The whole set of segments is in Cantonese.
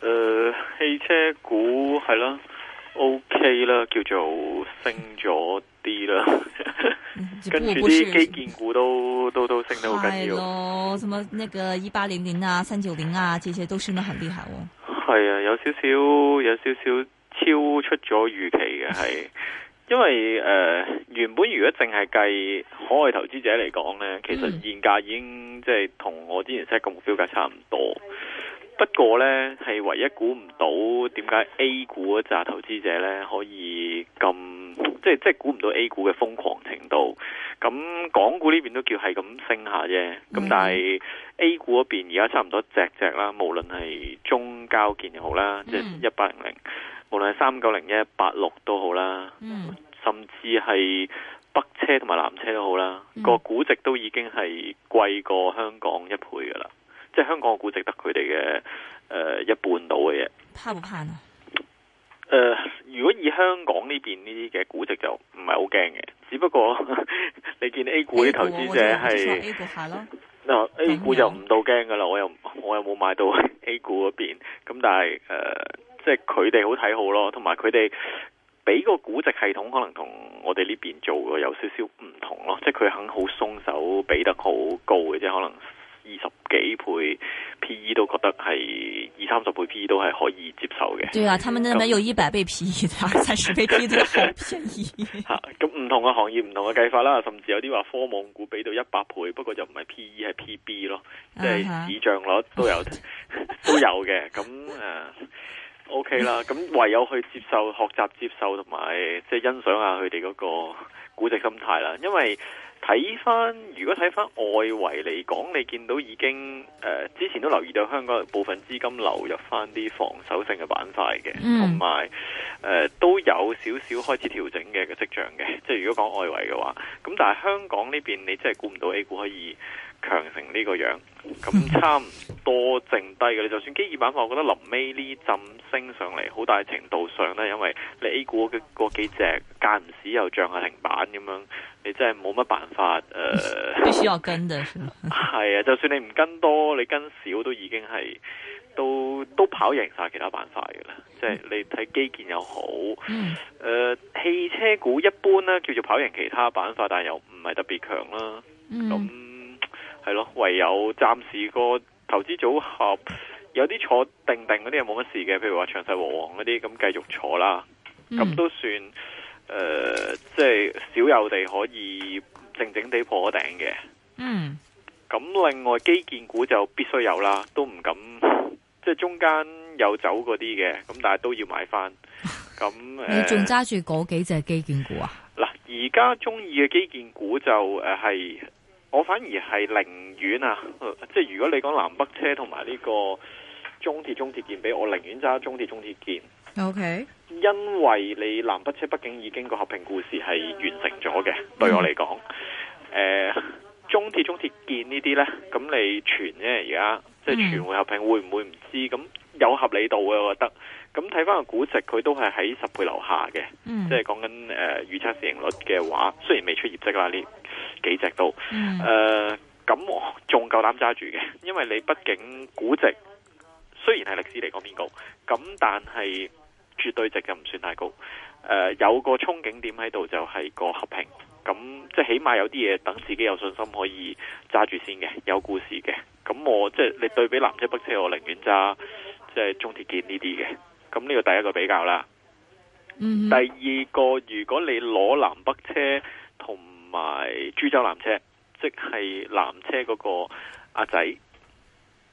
誒、呃，汽車股係啦，OK 啦，叫做升咗啲啦，呵呵不不跟住啲基建股都都都升得好緊要咯。係咯，什麼那個一八零零啊、三九零啊，這些都升得很厲害喎。哦，係啊，有少少有少少超出咗預期嘅，係因為誒、呃、原本如果淨係計海外投資者嚟講咧，其實現價已經、嗯、即係同我之前 set 個目標價差唔多。不過呢，係唯一估唔到點解 A 股嗰紮投資者呢可以咁，即係即係估唔到 A 股嘅瘋狂程度。咁港股呢邊都叫係咁升下啫。咁但係 A 股嗰邊而家差唔多隻隻啦，無論係中交建又好啦，即係一八零零，無論係三九零一八六都好啦，嗯、甚至係北車同埋南車都好啦，嗯、個估值都已經係貴過香港一倍噶啦。即係香港嘅估值得佢哋嘅誒一半到嘅嘢，怕唔怕啊？誒、呃，如果以香港呢邊呢啲嘅估值就唔係好驚嘅，只不過呵呵你見 A 股啲投資者係 A 股吓 a, a 股就唔到驚噶啦，我又我又冇買到 A 股嗰邊，咁但係誒、呃，即係佢哋好睇好咯，同埋佢哋俾個估值系統可能同我哋呢邊做嘅有少少唔同咯，即係佢肯好鬆手，俾得好高嘅，啫，可能。二十幾倍 P E 都覺得係二三十倍 P E 都係可以接受嘅。對啊，他們那邊有一百倍 P E，二三十倍 P E 都好便宜。嚇， 咁唔、 啊、同嘅行業唔同嘅計法啦，甚至有啲話科網股俾到一百倍，不過就唔係 P E 係 P B 咯，即係市帳率都有、uh huh. 都有嘅。咁誒。 O K 啦，咁、okay、唯有去接受、學習、接受同埋即係欣賞下佢哋嗰個估值心態啦，因為睇翻如果睇翻外圍嚟講，你見到已經誒、呃、之前都留意到香港部分資金流入翻啲防守性嘅板塊嘅，同埋誒都有少少開始調整嘅個跡象嘅。即係如果講外圍嘅話，咁但係香港呢邊你真係估唔到 A 股可以。強成呢個樣，咁差唔多剩低嘅。你 就算基建板塊，我覺得臨尾呢浸升上嚟，好大程度上咧，因為你 A 股嘅嗰幾隻間唔時又漲下停板咁樣，你真係冇乜辦法。誒、呃，必須要跟嘅，係 啊。就算你唔跟多，你跟少都已經係都都跑贏晒其他板塊嘅啦。即係 你睇基建又好，誒、 呃，汽車股一般咧叫做跑贏其他板塊，但係又唔係特別強啦。咁。 係咯，唯有暫時個投資組合有啲坐定定嗰啲又冇乜事嘅，譬如話長實和黃嗰啲，咁繼續坐啦，咁、嗯、都算誒，即係少有地可以靜靜地破頂嘅。嗯，咁另外基建股就必須有啦，都唔敢即係、就是、中間有走嗰啲嘅，咁但係都要買翻。咁 你仲揸住嗰幾隻基建股啊？嗱、啊，而家中意嘅基建股就誒、是、係。我反而係寧願啊，即係如果你講南北車同埋呢個中鐵中鐵建俾我，寧願揸中鐵中鐵建。Okay，因為你南北車畢竟已經個合併故事係完成咗嘅，mm. 對我嚟講，誒、呃，中鐵中鐵建呢啲呢，咁你傳啫。而家即係傳會合併，會唔會唔知？咁有合理度嘅，我覺得。咁睇翻個估值，佢都係喺十倍樓下嘅，mm. 即係講緊誒預測市盈率嘅話，雖然未出業績啦，呢幾隻都，誒、嗯，咁、呃、我仲夠膽揸住嘅，因為你畢竟估值雖然係歷史嚟講偏高，咁但係絕對值嘅唔算太高，誒、呃，有個憧憬點喺度就係個合併，咁即係起碼有啲嘢等自己有信心可以揸住先嘅，有故事嘅，咁我即係你對比南車北車，我寧願揸即係中鐵建呢啲嘅，咁呢個第一個比較啦。嗯、第二個，如果你攞南北車同。同埋株洲南車，即係南車嗰個阿仔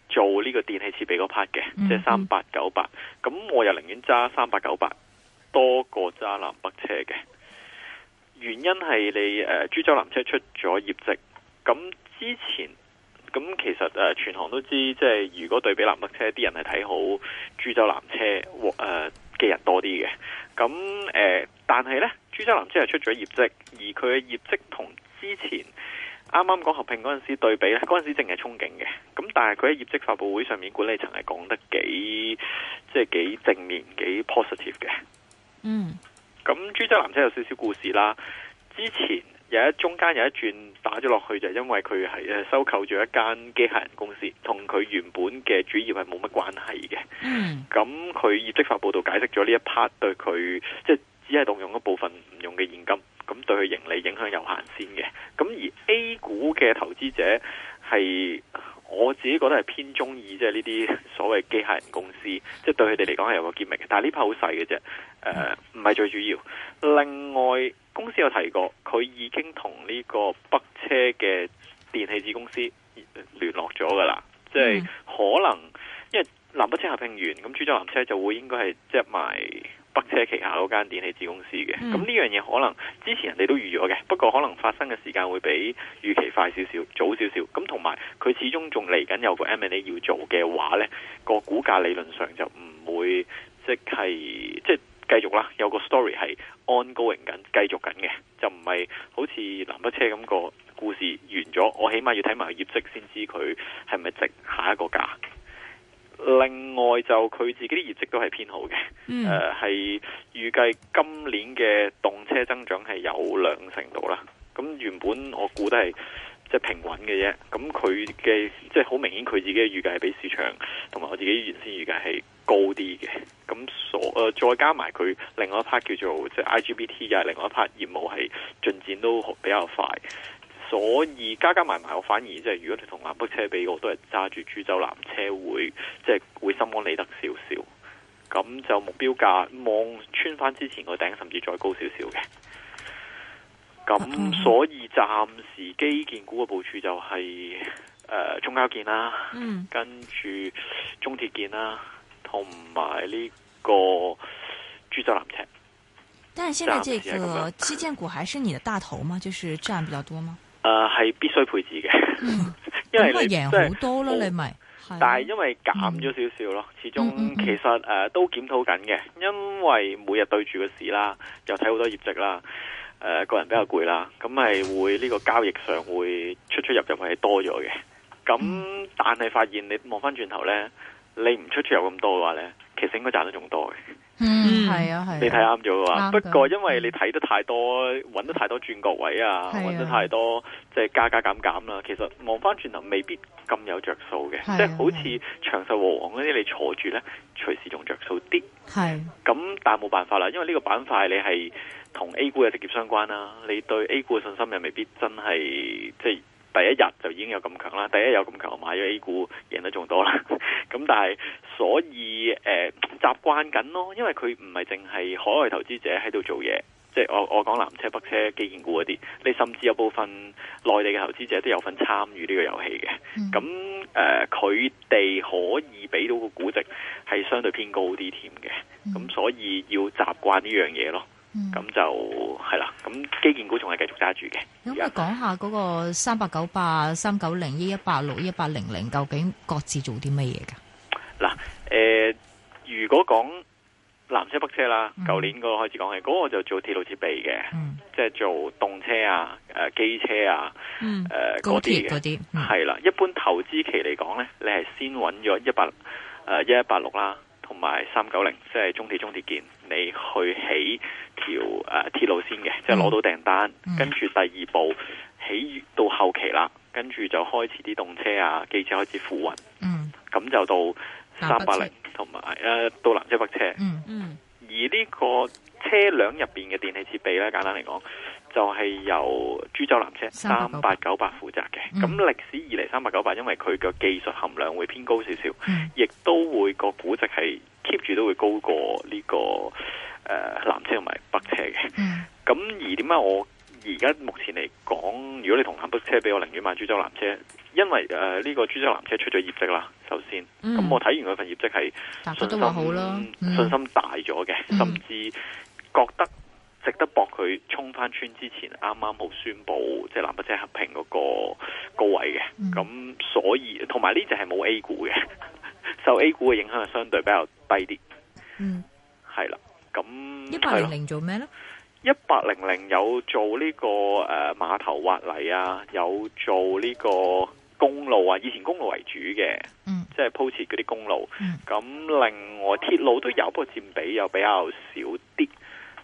做呢個電器設備嗰 part 嘅，即係三八九八。咁、hmm. 我又寧願揸三八九八，多過揸南北車嘅。原因係你誒，株、呃、洲南車出咗業績。咁之前咁其實誒、呃，全行都知，即係如果對比南北車，啲人係睇好株洲南車，嘅、呃、人多啲嘅。咁誒、呃，但係呢。株洲南車係出咗業績，而佢嘅業績同之前啱啱講合併嗰陣時對比咧，嗰陣時淨係憧憬嘅。咁但係佢喺業績發佈會上面管理層係講得幾即係幾正面、幾 positive 嘅。嗯，咁株洲南車有少少故事啦。之前有一中間有一轉打咗落去，就因爲佢係誒收購咗一間機械人公司，同佢原本嘅主業係冇乜關係嘅。嗯，咁佢業績發佈會上解釋咗呢一 part 對佢即係。就是只係動用一部分唔用嘅現金，咁對佢盈利影響有限先嘅。咁而 A 股嘅投資者係我自己覺得係偏鍾意，即係呢啲所謂機械人公司，即係對佢哋嚟講係有個見明嘅。但係呢排好細嘅啫，誒唔係最主要。另外公司有提過，佢已經同呢個北車嘅電氣子公司聯絡咗噶啦，即係可能因為南北車合併完，咁株洲南車就會應該係即埋。就是買北車旗下嗰間電器子公司嘅，咁呢樣嘢可能之前人哋都預咗嘅，不過可能發生嘅時間會比預期快少少、早少少。咁同埋佢始終仲嚟緊有個 M&A 要做嘅話呢，呢個股價理論上就唔會即係即係繼續啦。有個 story 係 ongoing 緊，繼續緊嘅，就唔係好似南北車咁個故事完咗。我起碼要睇埋佢業績先知佢係咪值下一個價。另外就佢自己啲業績都係偏好嘅，誒係、嗯 uh，預計今年嘅動車增長係有兩成度啦。咁原本我估得係即係平穩嘅啫。咁佢嘅即係好明顯，佢自己嘅預計係比市場同埋我自己原先預計係高啲嘅。咁所誒、呃、再加埋佢另外一 part 叫做即係 IGBT 又係另外一 part 業務係進展都比較快。所以加加埋埋，我反而即係如果你同南北車比我，我都係揸住株洲南車會，即、就、係、是、會心安理得少少。咁就目標價望穿翻之前個頂，甚至再高少少嘅。咁所以暫時基建股嘅部署就係、是、誒、呃、中交建啦、啊，嗯、跟住中鐵建啦，同埋呢個株洲南車。但現在這個基建股還是你的大頭嗎？就是佔比較多嗎？誒，係、呃、必須配置嘅，因為贏好、嗯、多啦，你咪，但係因為減咗少，少少咯，嗯、始終其實誒、呃、都檢討緊嘅，因為每日對住嘅市啦，又睇好多業績啦，誒、呃、個人比較攰啦，咁係、嗯、會呢、這個交易上會出出入入係多咗嘅，咁、嗯、但係發現你望返轉頭呢，你唔出出入咁多嘅話呢，其實應該賺得仲多嘅。嗯，係啊，係、啊。是啊、你睇啱咗嘅話，不過因為你睇得太多，揾得太多轉角位啊，揾、啊、得太多，即、就、係、是、加加減減啦。其實望翻轉頭，未必咁有着數嘅，啊、即係好似長壽和王嗰啲，你坐住咧，隨時仲着數啲。係、啊。咁、啊、但係冇辦法啦，因為呢個板塊你係同 A 股嘅直接相關啦、啊，你對 A 股嘅信心又未必真係即係。第一日就已經有咁強啦，第一日有咁強，買咗 A 股贏得仲多啦。咁 但係所以誒習慣緊咯，因為佢唔係淨係海外投資者喺度做嘢，即係我我講南車北車基建股嗰啲，你甚至有部分內地嘅投資者都有份參與呢個遊戲嘅。咁誒佢哋可以俾到個估值係相對偏高啲添嘅，咁、嗯、所以要習慣呢樣嘢咯。咁、嗯、就係啦，咁基建股仲係繼續揸住嘅。咁啊，講下嗰個三八九八、三九零、一一八六、一八零零，究竟各自做啲乜嘢噶？嗱，誒、呃，如果講南車北車啦，舊、嗯、年嗰個開始講係，嗰、那個就做鐵路設備嘅，即係、嗯、做動車啊、誒、啊、機車啊、誒、嗯呃、高鐵嗰啲，係啦、嗯。一般投資期嚟講咧，你係先揾咗一八誒一一八六啦，同埋三九零，即係中鐵中鐵建。你去起條誒鐵路綫嘅，即係攞到訂單，嗯、跟住第二步起到後期啦，跟住就開始啲動車啊、機車開始付運，咁、嗯、就到三八零同埋誒到南車北車。嗯嗯。嗯而呢個車輛入邊嘅電器設備咧，簡單嚟講，就係、是、由株洲南車三八九八負責嘅。咁歷、嗯、史以嚟三八九八，因為佢個技術含量會偏高少少，亦、嗯、都會個估值係。keep 住都會高過呢、這個誒南、呃、車同埋北車嘅，咁、嗯、而點解我而家目前嚟講，如果你同南北車比，我寧願買株洲南車，因為誒呢、呃這個株洲南車出咗業績啦，首先，咁、嗯、我睇完佢份業績係信心好咯，嗯、信心大咗嘅，甚至覺得值得搏佢沖翻穿之前，啱啱好宣布即係、嗯、南北車合併嗰個高位嘅，咁、嗯、所以同埋呢隻係冇 A 股嘅。受 A 股嘅影響係相對比較低啲，嗯，係啦，咁一八零零做咩咧？一八零零有做呢個誒碼頭挖泥啊，有做呢個公路啊，以前公路為主嘅，嗯，即係鋪設嗰啲公路，嗯，咁另外鐵路都有，不過佔比又比較少啲。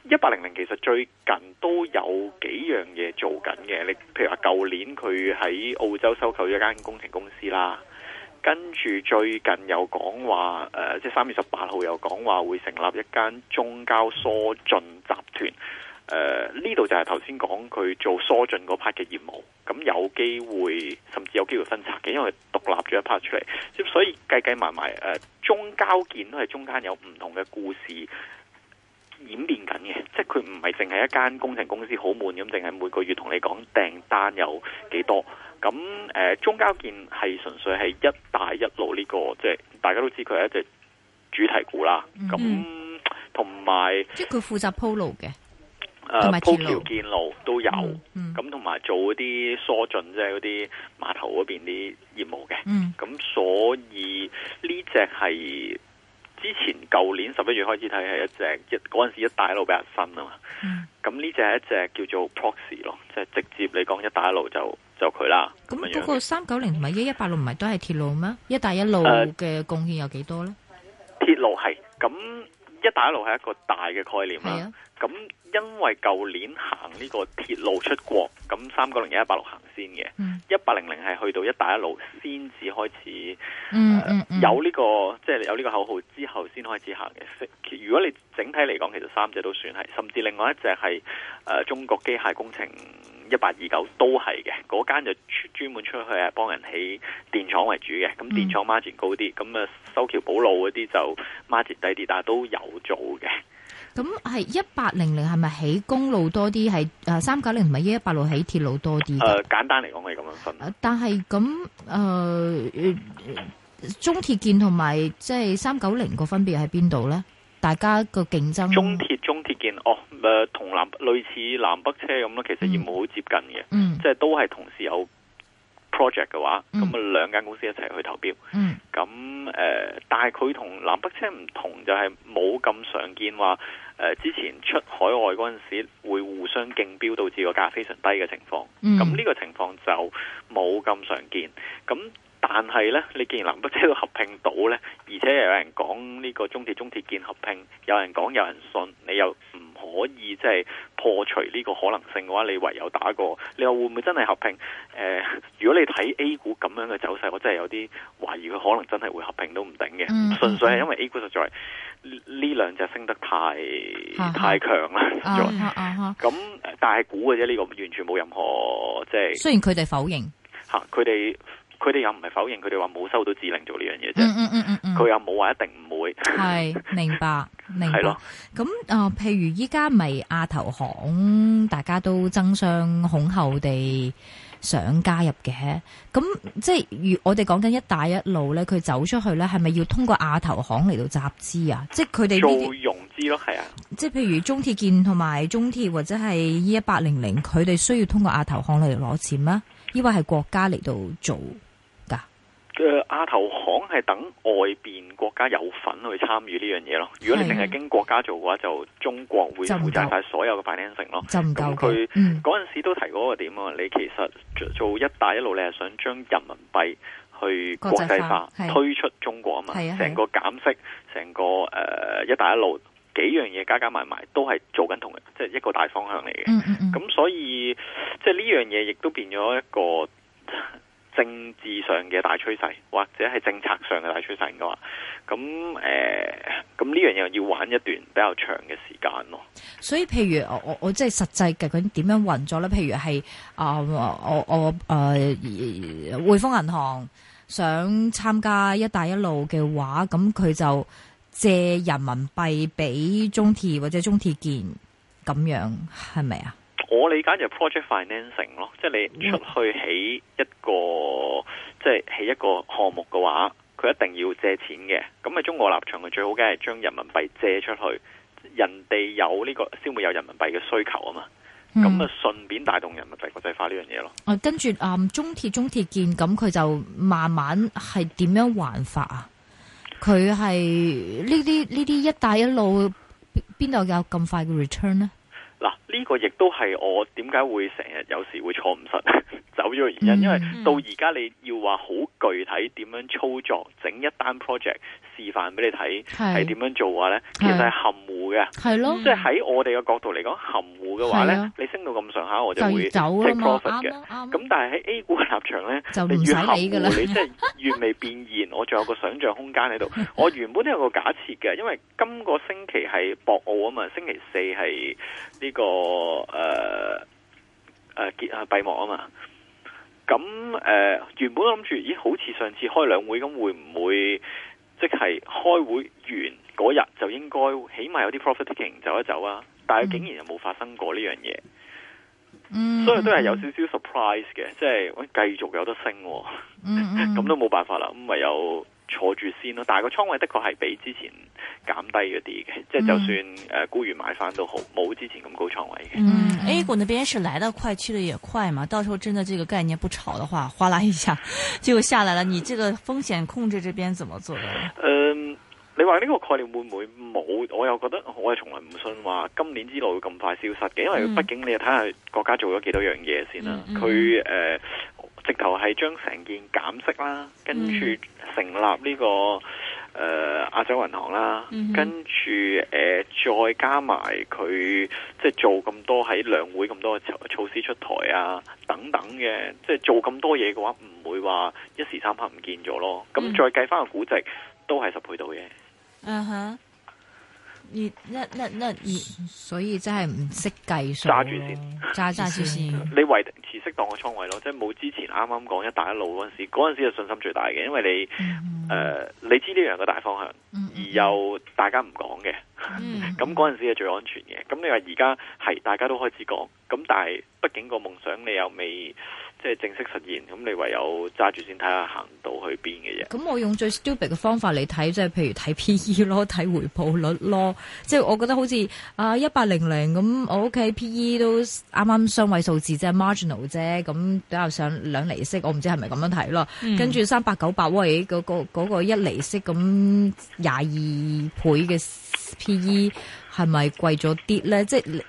一八零零其實最近都有幾樣嘢做緊嘅，你譬如話舊年佢喺澳洲收購咗間工程公司啦。跟住最近又講話，誒、呃，即係三月十八號又講話會成立一間中交疏浚集團，誒、呃，呢度就係頭先講佢做疏浚嗰 part 嘅業務，咁有機會甚至有機會分拆嘅，因為獨立咗一 part 出嚟，所以計計埋埋，中交建都係中間有唔同嘅故事。演變緊嘅，即係佢唔係淨係一間工程公司好悶咁，淨係每個月同你講訂單有幾多。咁誒、呃，中交建係純粹係一帶一路呢、這個，即係大家都知佢係一隻主題股啦。咁同埋，即係佢負責鋪路嘅，誒鋪橋建路都有。咁同埋做啲疏浚，即係嗰啲碼頭嗰邊啲業務嘅。咁、嗯、所以呢隻係。這個之前舊年十一月開始睇，係一隻一嗰陣時一帶一路畀人分啊嘛，咁呢只係一隻叫做 Proxy 咯，即係直接你講一帶一路就就佢啦。咁、嗯、樣不過三九零同埋一一八六唔係都係鐵路咩？一帶一路嘅貢獻有幾多呢、啊？鐵路係咁。那一帶一路係一個大嘅概念啦，咁、啊啊、因為舊年行呢個鐵路出國，咁三九零一八六行先嘅，一八零零係去到一帶一路先至開始有呢個即係、就是、有呢個口號之後先開始行嘅。如果你整體嚟講，其實三隻都算係，甚至另外一隻係、呃、中國機械工程。一八二九都係嘅，嗰間就專專門出去啊幫人起電廠為主嘅，咁電廠 margin 高啲，咁啊修橋補路嗰啲就 margin 低啲，但係都有做嘅。咁係一八零零係咪起公路多啲？係誒，三九零同埋一一八六起鐵路多啲？誒、呃，簡單嚟講係咁樣分。但係咁誒，中鐵建同埋即係三九零個分別喺邊度咧？大家個競爭，中鐵中鐵建哦，誒同南類似南北車咁咯，其實業務好接近嘅，嗯嗯、即係都係同時有 project 嘅話，咁啊、嗯、兩間公司一齊去投標。咁誒、嗯呃，但係佢同南北車唔同，就係冇咁常見話誒、呃，之前出海外嗰陣時會互相競標，導致個價非常低嘅情況。咁呢、嗯、個情況就冇咁常見。咁但係呢，你既然南北車都合併到呢，而且又有人講呢個中鐵、中鐵建合併，有人講，有人信，你又唔可以即係、就是、破除呢個可能性嘅話，你唯有打過你話會唔會真係合併？誒、呃，如果你睇 A 股咁樣嘅走勢，我真係有啲懷疑佢可能真係會合併都唔定嘅，純、嗯、粹係因為 A 股實在呢兩隻升得太哈哈太強啦。咁、啊啊啊、但係估嘅啫，呢、這個完全冇任何即係。就是、雖然佢哋否認吓，佢哋。佢哋又唔係否認，佢哋話冇收到指令做呢樣嘢啫。嗯嗯嗯嗯，佢又冇話一定唔會。係，明白，明白。咁啊 的、呃，譬如依家咪亞投行，大家都爭相恐後地想加入嘅。咁即係如我哋講緊一帶一路咧，佢走出去咧，係咪要通過亞投行嚟到集資啊？即係佢哋做融資咯，係啊。即係譬如中鐵建同埋中鐵或者係依一八零零，佢哋需要通過亞投行嚟攞錢啊？呢個係國家嚟到做。嘅亞投行係等外邊國家有份去參與呢樣嘢咯。如果你淨係經國家做嘅話，就中國會負責晒所有嘅 financing 咯。就唔夠咁佢嗰陣時都提過個點啊！你其實做一帶一路，你係想將人民幣去國際化，際化推出中國啊嘛。係成的個減息，成個誒、呃、一帶一路幾樣嘢加加埋埋都係做緊同嘅，即、就、係、是、一個大方向嚟嘅。咁、嗯嗯嗯、所以即係呢樣嘢，亦、就是、都變咗一個。政治上嘅大趨勢或者係政策上嘅大趨勢嘅話，咁誒，咁呢樣嘢、呃、要玩一段比較長嘅時間咯。所以譬如我我是實的如呢，譬如我我我即係實際嘅究竟點樣運作咧？譬如係啊，我我誒、呃、匯豐銀行想參加一帶一路嘅話，咁佢就借人民幣俾中鐵或者中鐵建咁樣，係咪啊？我理解就 project financing 咯，即係你出去起一個，即係起一個項目嘅話，佢一定要借錢嘅。咁啊，中國立場，佢最好梗係將人民幣借出去，人哋有呢、這個先會有人民幣嘅需求啊嘛。咁啊、嗯，順便帶動人民幣國際化呢樣嘢咯。啊，跟住啊、嗯，中鐵、中鐵建咁，佢就慢慢係點樣還法啊？佢係呢啲呢啲一帶一路邊度有咁快嘅 return 咧？嗱，呢個亦都係我點解會成日有時會坐唔實走咗嘅原因，因為到而家你要話好具體點樣操作整一單 project。示範俾你睇係點樣做嘅話呢？其實係含糊嘅，即係喺我哋嘅角度嚟講，含糊嘅話呢，的你升到咁上下，我就會 take profit 嘅。咁但係喺 A 股嘅立場呢，的你越含糊你即係越未變現， 我仲有個想象空間喺度。我原本都有個假設嘅，因為今個星期係博澳啊嘛，星期四係呢、這個誒誒、呃呃、結閉幕啊嘛。咁誒、呃，原本諗住，咦，好似上次開兩會咁，會唔會？即係開會完嗰日就應該起碼有啲 profit taking 走一走啊，但係竟然又冇發生過呢樣嘢，mm hmm. 所以都係有少少 surprise 嘅，即係繼、哎、繼續有得升、哦，咁、mm hmm. 都冇辦法啦，咁唯有。坐住先咯，但係個倉位的確係比之前減低咗啲嘅，即係、嗯、就算誒沽完買翻都好，冇之前咁高倉位嘅。嗯，A 股、欸、那邊是來得快去得也快嘛，到時候真的這個概念不炒的話，嘩啦一下就下來了。嗯、你這個風險控制這邊怎麼做、嗯、你話呢個概念會唔會冇？我又覺得我係從來唔信話今年之內會咁快消失嘅，因為畢竟你又睇下國家做咗幾多樣嘢先啦、啊。佢誒、嗯。嗯直頭係將成件減息啦，跟住成立呢、這個誒亞、嗯呃、洲銀行啦，嗯、哼跟住誒、呃、再加埋佢即係做咁多喺兩會咁多嘅措，措施出台啊等等嘅，即係做咁多嘢嘅話，唔會話一時三刻唔見咗咯。咁、嗯、再計翻個估值，都係十倍到嘅。嗯哼、啊，所以真係唔識計數。揸住先，揸住先， 你為當個倉位咯，即係冇之前啱啱講一帶一路嗰陣時，嗰陣時嘅信心最大嘅，因為你誒、mm hmm. 呃，你知呢樣個大方向，而又大家唔講嘅，咁嗰陣時係最安全嘅。咁你話而家係大家都開始講，咁但係畢竟個夢想你又未。即係正式實現，咁你唯有揸住先睇下行到去邊嘅嘢。咁我用最 stupid 嘅方法嚟睇，即係譬如睇 PE 咯，睇回報率咯。即係我覺得好似啊一八零零咁，呃、00，我屋企 PE 都啱啱雙位數字啫 marginal 啫。咁比較上兩厘息，我唔知係咪咁樣睇咯。嗯、跟住三百九百，位嗰、嗰個嗰個一厘息咁廿二倍嘅。P E 係咪貴咗啲咧？即係、就是、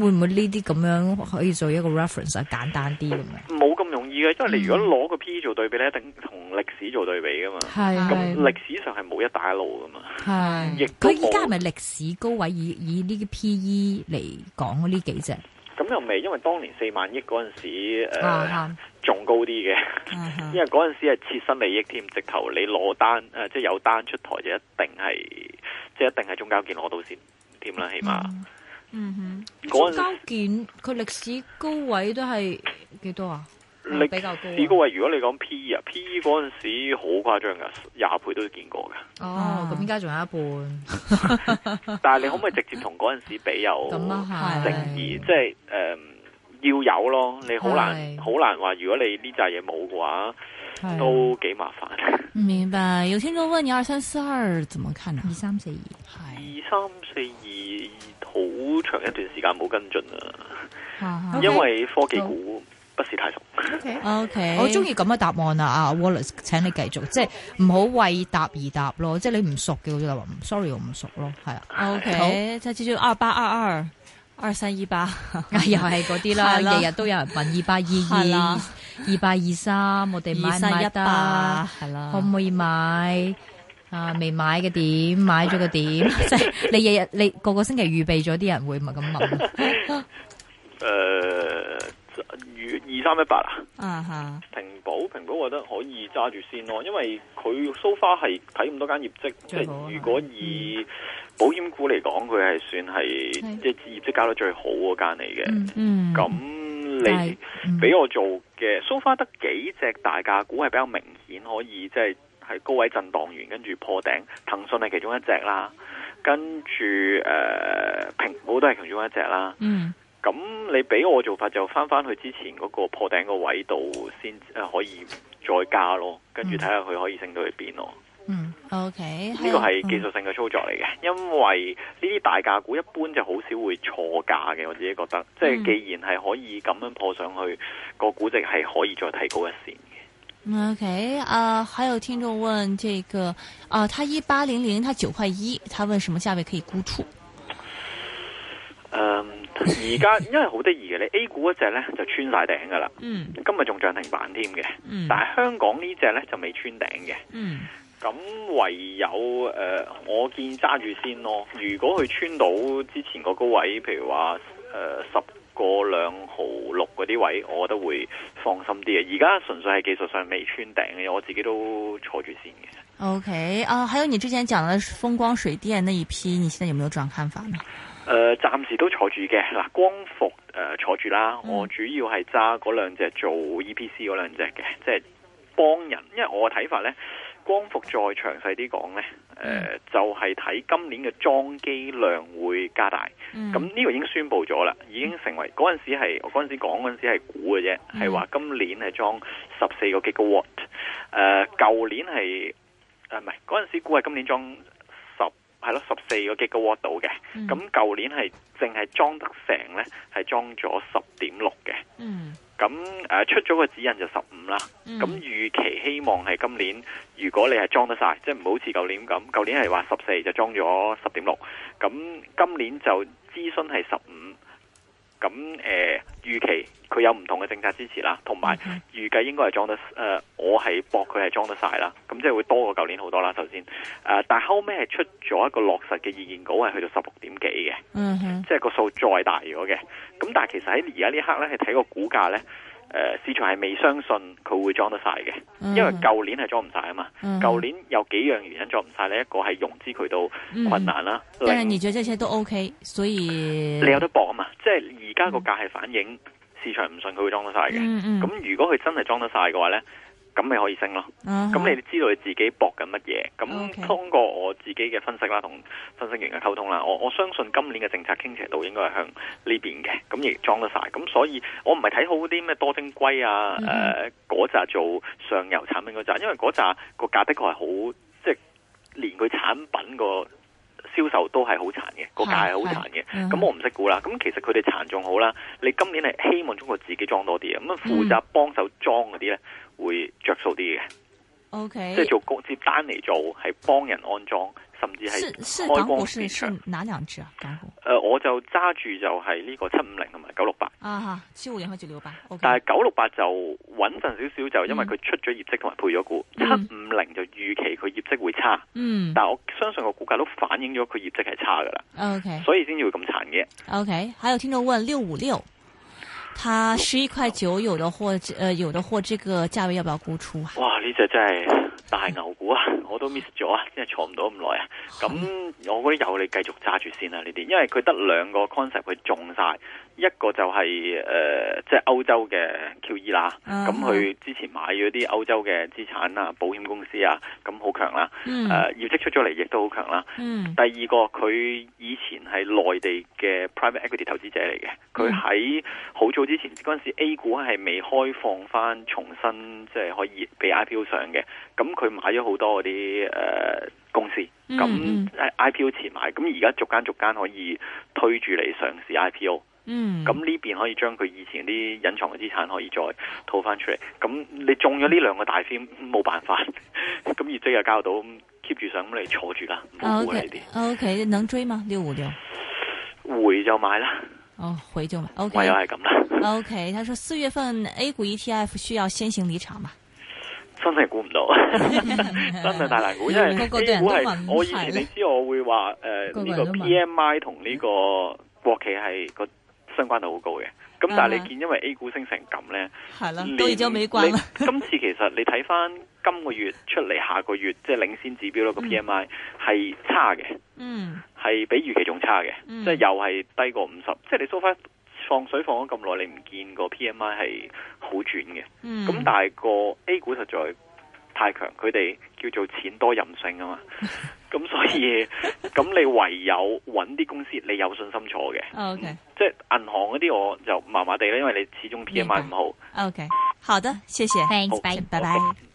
會唔會呢啲咁樣可以做一個 reference 啊？簡單啲咁樣，冇咁容易嘅。因為你如果攞個 P E 做對比咧，嗯、一定同歷史做對比噶嘛。係咁是，歷史上係冇一帶路噶嘛。係是。佢而家係咪歷史高位以？以以呢啲 P E 嚟講呢幾隻？咁又未，因為當年四萬億嗰陣時，仲、啊呃、高啲嘅，啊啊、因為嗰陣時係切身利益添，直頭你攞單，即、呃、係、就是、有單出台就一定係，即、就、係、是、一定係中交建攞到先，添啦，起碼。嗯，嗯哼，時中交建佢歷史高位都係幾多啊？歷史、哦、高市、啊、高如果你講 P E 啊，P E 嗰陣時好誇張噶，廿倍都見過噶。哦，咁而家仲有一半， 但係你可唔可以直接同嗰陣時候比有咁定義，即係誒，要有咯，你好難好是難話。如果你呢扎嘢冇嘅話，是都幾麻煩。明白。有聽眾問你二三四二怎麼看啊？二三四二，二三四二好長一段時間冇跟進啊。哈哈因為科技股不是太熟。Okay, so, O K，O K，我中意咁嘅答案啦，阿 Wallace，請你繼續，即係唔好為答而答咯，即係你唔熟嘅我就話，sorry，我唔熟咯，係啊。O K，即係至少二八二二、二三二八，又係嗰啲啦，日日都有人問二八二二、二八二三，我哋二三一八，係啦，可唔可以買？啊，未買嘅點，買咗嘅點，即係你日日你個個星期預備咗啲人會咁問。誒。二三一八啊，嗯吓、uh，huh. 平保，平保我覺得可以揸住先咯，因為佢 so far 係睇咁多間業績，最好 即係如果以保險股嚟講，佢係、嗯、算係即係業績交得最好嗰間嚟嘅。咁、嗯嗯、你俾我做嘅 so far 得幾隻大價股係比較明顯可以即係係高位震盪完跟住破頂，騰訊係其中一隻啦，跟住誒、呃、平保都係其中一隻啦。嗯咁你俾我做法就返返去之前嗰個破頂個位度先，誒可以再加咯，跟住睇下佢可以升到去邊咯。嗯，OK，嗯，OK，呢個係技術性嘅操作嚟嘅，因為呢啲大價股一般就好少會錯價嘅，我自己覺得，即係既然係可以咁樣破上去，嗯，個估值係可以再提高一線嘅。OK，啊，還有聽眾問，這個啊，它一八零零，它九塊一，他問什麼價位可以沽出？嗯。而家 因為好得意嘅你 A 股一隻咧就穿晒頂噶啦，嗯、今日仲漲停板添嘅，嗯、但係香港隻呢隻咧就未穿頂嘅，咁、嗯、唯有誒、呃、我見揸住先咯。如果佢穿到之前個高位，譬如話誒十個兩毫六嗰啲位，我覺得會放心啲嘅。而家純粹係技術上未穿頂嘅，我自己都坐住先嘅。OK，啊、呃，還有你之前講嘅風光水電那一批，你現在有沒有轉看法呢？誒，暫、呃、時都坐住嘅嗱，光伏誒、呃、坐住啦。嗯、我主要係揸嗰兩隻做 EPC 嗰兩隻嘅，即係幫人。因為我嘅睇法呢，光伏再詳細啲講呢，誒、呃、就係、是、睇今年嘅裝機量會加大。咁呢、嗯、個已經宣布咗啦，已經成為嗰陣時係我嗰陣時講嗰陣時係估嘅啫，係話、嗯、今年係裝十四個吉瓦特誒，舊年係誒唔係嗰陣時估係今年裝。係咯，十四個 gigawatt 到嘅，咁舊年係淨係裝得成咧，係裝咗十點六嘅。嗯，咁誒、嗯呃、出咗個指引就十五啦。咁、嗯、預期希望係今年，如果你係裝得晒，即係唔好似舊年咁，舊年係話十四就裝咗十點六，咁今年就諮詢係十五。咁誒、呃、預期佢有唔同嘅政策支持啦，同埋預計應該係裝得誒、呃，我係搏佢係裝得曬啦。咁即係會多過舊年好多啦。首先，誒、呃、但後尾係出咗一個落實嘅意見稿，係去到十六點幾嘅，嗯哼。即係個數再大咗嘅。咁但係其實喺而家呢一刻咧，係睇個股價咧。誒、呃，市場係未相信佢會裝得晒嘅，因為舊年係裝唔晒啊嘛。舊、嗯、年有幾樣原因裝唔晒咧，一個係融資渠道困難啦。嗯、另但係你覺得這些都 OK，所以你有得搏啊嘛。即係而家個價係反映市場唔信佢會裝得晒嘅。咁、嗯嗯、如果佢真係裝得晒嘅話呢？咁你可以升咯，咁、uh huh. 你知道你自己搏緊乜嘢？咁通過我自己嘅分析啦，同分析員嘅溝通啦，我我相信今年嘅政策傾斜度應該係向呢邊嘅，咁亦裝得晒。咁所以，我唔係睇好啲咩多晶硅啊，誒嗰扎做上游產品嗰扎，因為嗰扎個價的確係好，即係連佢產品個銷售都係好殘嘅，個價係好殘嘅。咁、huh. uh huh. 我唔識估啦。咁其實佢哋殘仲好啦，你今年係希望中國自己裝多啲嘅，咁負責幫手裝嗰啲咧。Uh huh. 會着數啲嘅，OK，即係做高接單嚟做，係幫人安裝，甚至係開光市場。是是哪兩隻啊？港股？誒、呃，我就揸住就係呢個七五零同埋九六八啊哈，七五零開始九六八。但係九六八、okay、就穩陣少少，就是、因為佢出咗業績同埋配咗股，七五零就預期佢業績會差。嗯，但係我相信個股價都反映咗佢業績係差噶啦。OK，所以先至會咁殘嘅。OK，還有聽眾問六五六。他十一塊九有的貨，呃，有的貨這個價位要不要沽出啊？哇，你真在。但係大牛股啊，我都 miss 咗啊，真係坐唔到咁耐啊。咁我嗰啲有，你繼續揸住先啦。呢啲，因為佢得、啊、兩個 concept，佢中晒，一個就係、是、誒，即、呃、係、就是、歐洲嘅 QE 啦。咁佢、uh huh. 之前買咗啲歐洲嘅資產啊，保險公司啊，咁好強啦。嗯、uh huh. 呃、業績出咗嚟，亦都好強啦。Uh huh. 第二個，佢以前係內地嘅 private equity 投資者嚟嘅，佢喺好早之前嗰陣時 A 股係未開放翻，重新即係、就是、可以俾 IPO 上嘅。咁咁佢買咗好多嗰啲誒公司，咁、嗯、IPO 前買，咁而家逐間逐間可以推住嚟上市 IPO，咁呢邊可以將佢以前啲隱藏嘅資產可以再套翻出嚟。咁你中咗呢兩個大片冇辦法，咁業績又交到 keep 住上，咁你坐住啦。O K O K 能追嗎？六五六回就買啦。哦，回就買。O K 又係咁啦。O K，佢說四月份 A 股 ETF 需要先行離場嘛？真係估唔到，真係大難估，因為 A 股係我以前你知我會話誒呢個 P M I 同呢個國企係個相關度好高嘅，咁但係你見因為 A 股升成咁咧，係啦，未啦。今次其實你睇翻今個月出嚟，下個月即係領先指標嗰個 P M I 係差嘅，嗯，係比預期仲差嘅，即係又係低過五十，即係你收翻。放水放咗咁耐，你唔見個 PMI 係好轉嘅。嗯，咁但係個 A 股實在太強，佢哋叫做錢多任性啊嘛。咁 所以，咁你唯有揾啲公司你有信心坐嘅。OK，嗯，即係銀行嗰啲我就麻麻地啦，因為你始終 PMI 唔好。OK，好的，謝謝，Thanks，拜拜。